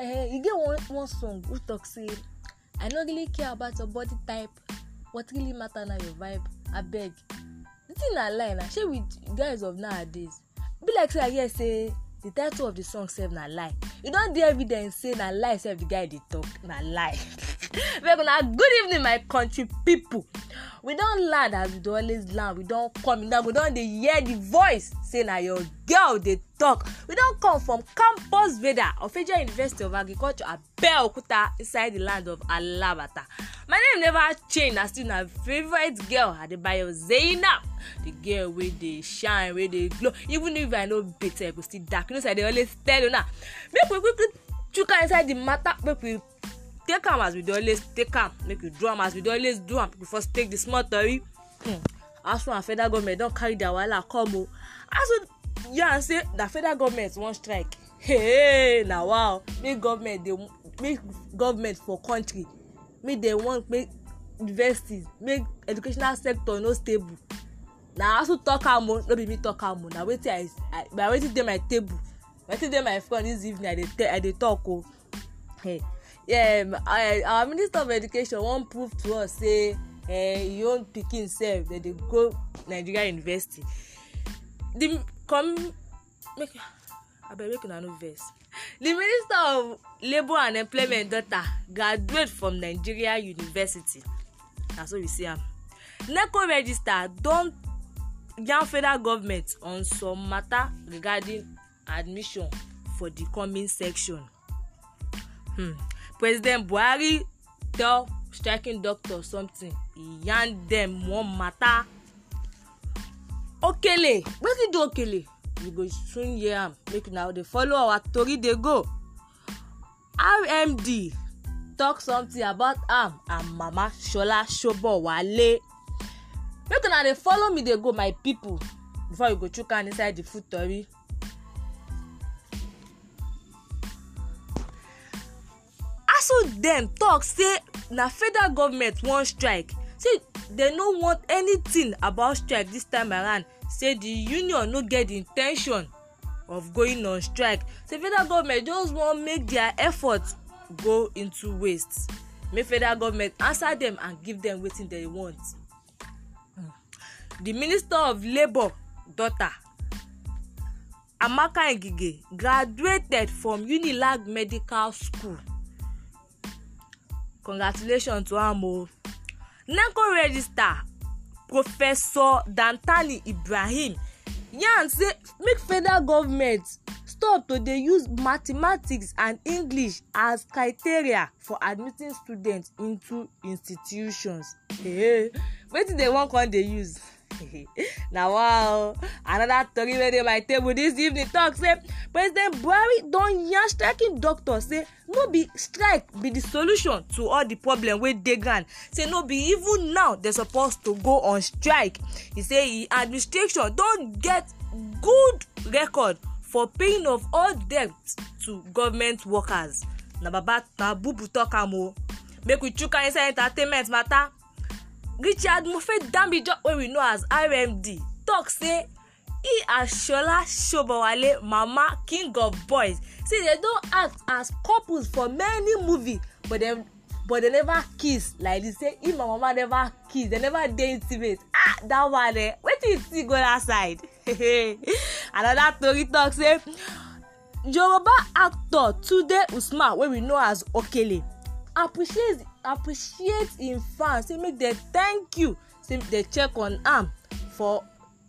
eh, e get one one song Who talk say i no really care about your body type what really matter na your vibe abeg the thing na lie na shey with guys of nowadays e be like say i hear say the title of the song sef na lie you e don dey evidence say na lie sef the guy dey talk na lie. regular good evening my country pipo we don land as we dey always land we don come now we don dey hear di voice say na your girl dey talk we don come from campus veda ofeja university of agriculture abeokuta inside di land of alabata my name never change na still na favourite girl adebayo zainab the girl wey dey shine wey dey glow even if i no beat I go still dark you know say i dey always tell you una make we quickly chuka inside the matter make we take am as we dey always take am make you do am as we dey always do am people first take the small tori hmm. asuu and federal government don carry their wahala come o asuu yarn say na federal government wan strike hey na wow make government dey make government for country make dem wan make universities make educational sector no stable na asu talk am o no be me talk am o na wetin i i na wetin dey my table wetin dey my front this evening i dey i dey talk o. Oh. Hey um, I, our minister of education wan prove to us say uh, eh, im own pikin sef dey dey go nigeria university the com make abeg make una no vex the minister of labour and employment daughter graduate from nigeria university na so we see am neco register don yarn federal government on some matter regarding admission for the coming section. Hmm president buhari tell striking doctor something he yarn dem one matter okele wetin do okele you go soon hear am make una dey follow our tori dey go rmd talk something about am and mama shola sobowale make una dey follow me dey go my people before you go chook hand inside the food tori council dem talk say na federal government wan strike say dem no want anything about strike this time around say the union no get the in ten tion of going on strike say federal government just wan make their effort go into waste make federal government answer dem and give dem wetin dem want mm. the minister of labour daughter amaka ngige graduated from unilag medical school congratulations to am o neco register professor dantani ibrahim yarn say make federal government stop to dey use mathematics and english as criteria for admitting students into institutions hey, wetin dem wan come dey use. Now, wow another tori wey dey my table this evening tok say president buhari don yarn striking doctors say no be strike be the solution to all the problem wey dey ground say no be even now they suppose to go on strike He say e administration don get good record for paying of all debts to government workers na baba na bubu talk am o make we chuka inside entertainment matter richard mofe-damijo wey we know as rmd Talk say he and shola Shobowale, mama king of boys say dem don act as couples for many movies but dem but dem never kiss like this say him and mama never kiss dem never dey intimate ah that one eh wetin you see go that side another tori talk say yoruba actor tunde usman wey we know as okele appreciate appreciate im fans say make dem thank you say dem check on am for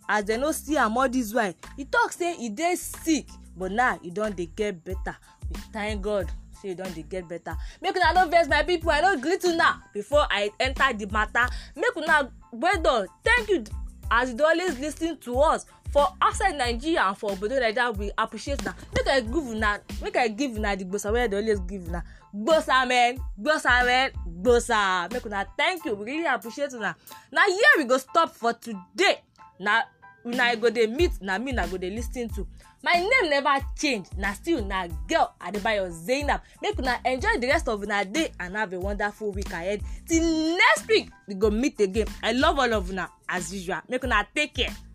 as dem no see am all this while e talk say e dey sick but now e don dey get better we thank god say you don dey get better make una no vex my people i no greet una before i enter the matter make una well done thank you as you dey always lis ten to us for outside nigeria and for obodo naija we appreciate una make i give una make i give una the gbosa wey i dey always give una gbosa men gbosa men gbosa make una thank you we really appreciate una na here we go stop for today na una go dey meet na me una go dey lis ten to my name never change na still na girl adebayo zainab make una enjoy the rest of una day and have a wonderful week ahead till next week we go meet again i love all of una as usual make una take care.